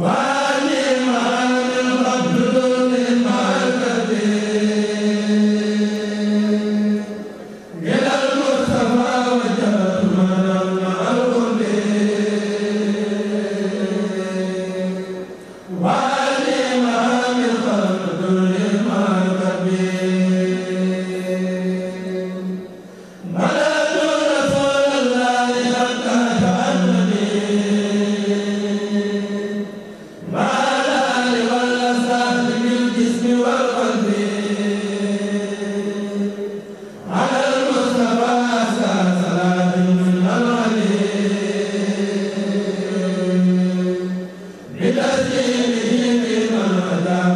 wa ta'ala